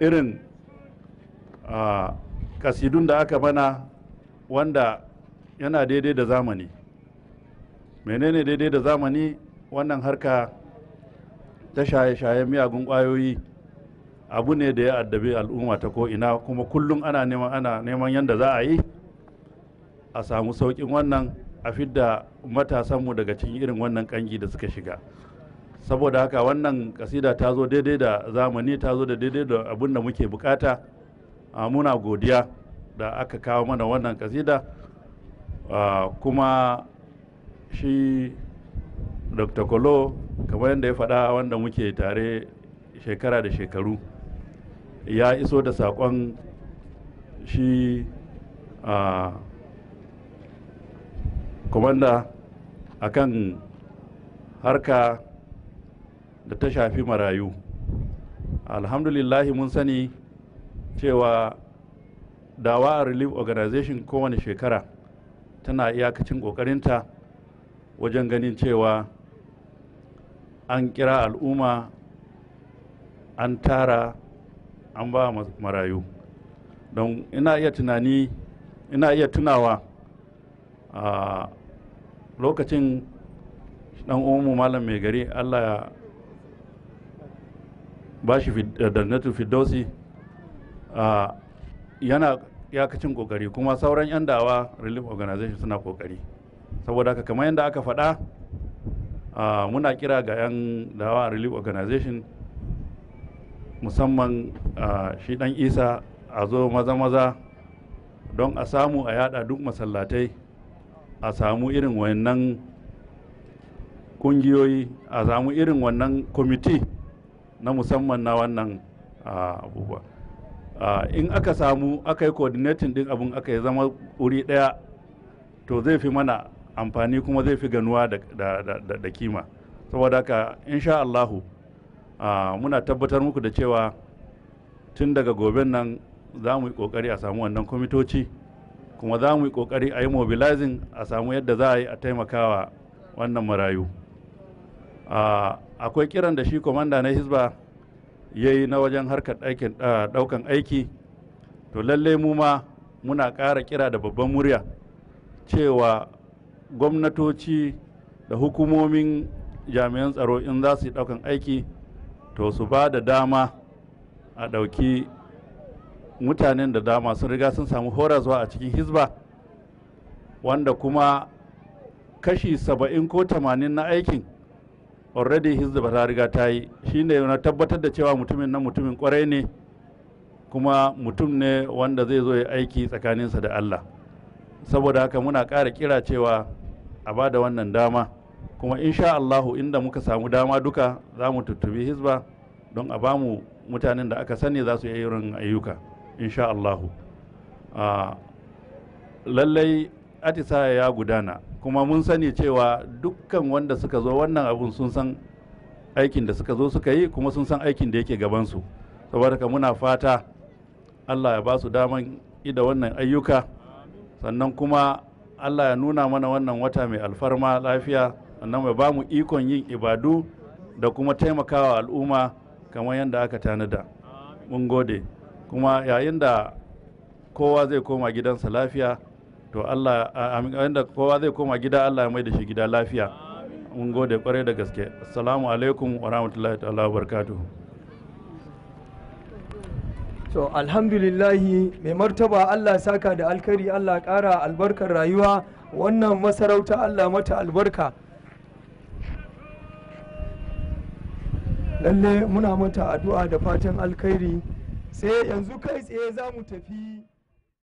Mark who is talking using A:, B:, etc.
A: irin kasidun da aka bana wanda yana daidai da zamani menene daidai da zamani wannan harka ta shaye-shayen miyagun ƙwayoyi abu ne da ya addabi al'umma ta ko'ina kuma kullum ana neman ana neman yadda za a yi a samu saukin wannan a fidda matasanmu daga cikin irin wannan ƙangi da suka shiga saboda haka wannan kasida ta zo daidai da zamani ta zo da daidai da abin da muke bukata muna godiya da aka kawo mana wannan kasida kuma shi dr kolo kamar yadda ya faɗa wanda muke tare shekara da shekaru ya iso da saƙon shi a akan harka da ta shafi marayu alhamdulillahi mun sani cewa dawa a relief organization kowane shekara tana iyakacin kokarinta wajen ganin cewa an kira al'umma an tara an ba marayu don ina iya tunani ina iya tunawa a lokacin dan umu malam mai gari allah ya bashi eh, dannatul firdausi yana ya yakacin kokari kuma sauran 'yan dawa relief organization suna kokari saboda haka kamar yadda aka faɗa muna kira ga 'yan dawa relief organization musamman shi dan isa a zo maza-maza don a samu a yada duk masallatai a samu irin wannan kungiyoyi a samu irin wannan kwamiti na musamman na wannan abubuwa in aka samu aka yi coordinating din abin aka yi zama wuri daya to zai fi mana amfani kuma zai fi ganuwa da kima saboda haka insha Allahu muna tabbatar muku da cewa tun daga gobe nan za mu yi kokari a samu wannan kwamitoci kuma za mu yi kokari a yi mobilizing a samu yadda za a yi a taimakawa wannan marayu akwai kiran da shi komanda na Hizba ya yi na wajen harkar ɗaukan aiki to lallai mu ma muna ƙara kira da babban murya cewa gwamnatoci da hukumomin jami'an tsaro in za su yi ɗaukan aiki to su ba da dama a ɗauki mutanen da dama sun riga sun samu horaswa a cikin Hizba, wanda kuma kashi saba'in ko tamanin na aikin already hizba ta riga ta yi shine na tabbatar da cewa mutumin nan mutumin kwarai ne kuma mutum ne wanda zai zo ya aiki tsakaninsa da Allah saboda haka muna ƙara kira cewa a ba da wannan dama kuma insha Allahu inda muka samu dama duka za mu tuttubi hizba don a ba mu mutanen da aka sani za su yi irin ayyuka insha Allahu ah, lallai atisaya ya gudana kuma mun sani cewa dukkan wanda suka zo wannan abun sun san aikin da suka zo suka yi kuma sun san aikin da yake gabansu saboda muna fata allah ya ba su daman ida wannan ayyuka sannan kuma allah ya nuna mana wannan wata mai alfarma lafiya sannan mai ba mu ikon yin ibadu da kuma taimakawa al'umma kamar yadda aka tanada mun gode kuma yayin da kowa zai koma gidansa lafiya to Allah inda kowa zai koma gida Allah ya mai da shi gida lafiya mun gode kwarai da gaske assalamu alaikum wa rahmatullahi ta'ala wa barakatuhu to alhamdulillahi mai martaba Allah saka da alkari Allah kara albarkar rayuwa wannan masarauta Allah mata albarka lalle muna mata addu'a da fatan alkhairi sai yanzu kai tsaye za mu tafi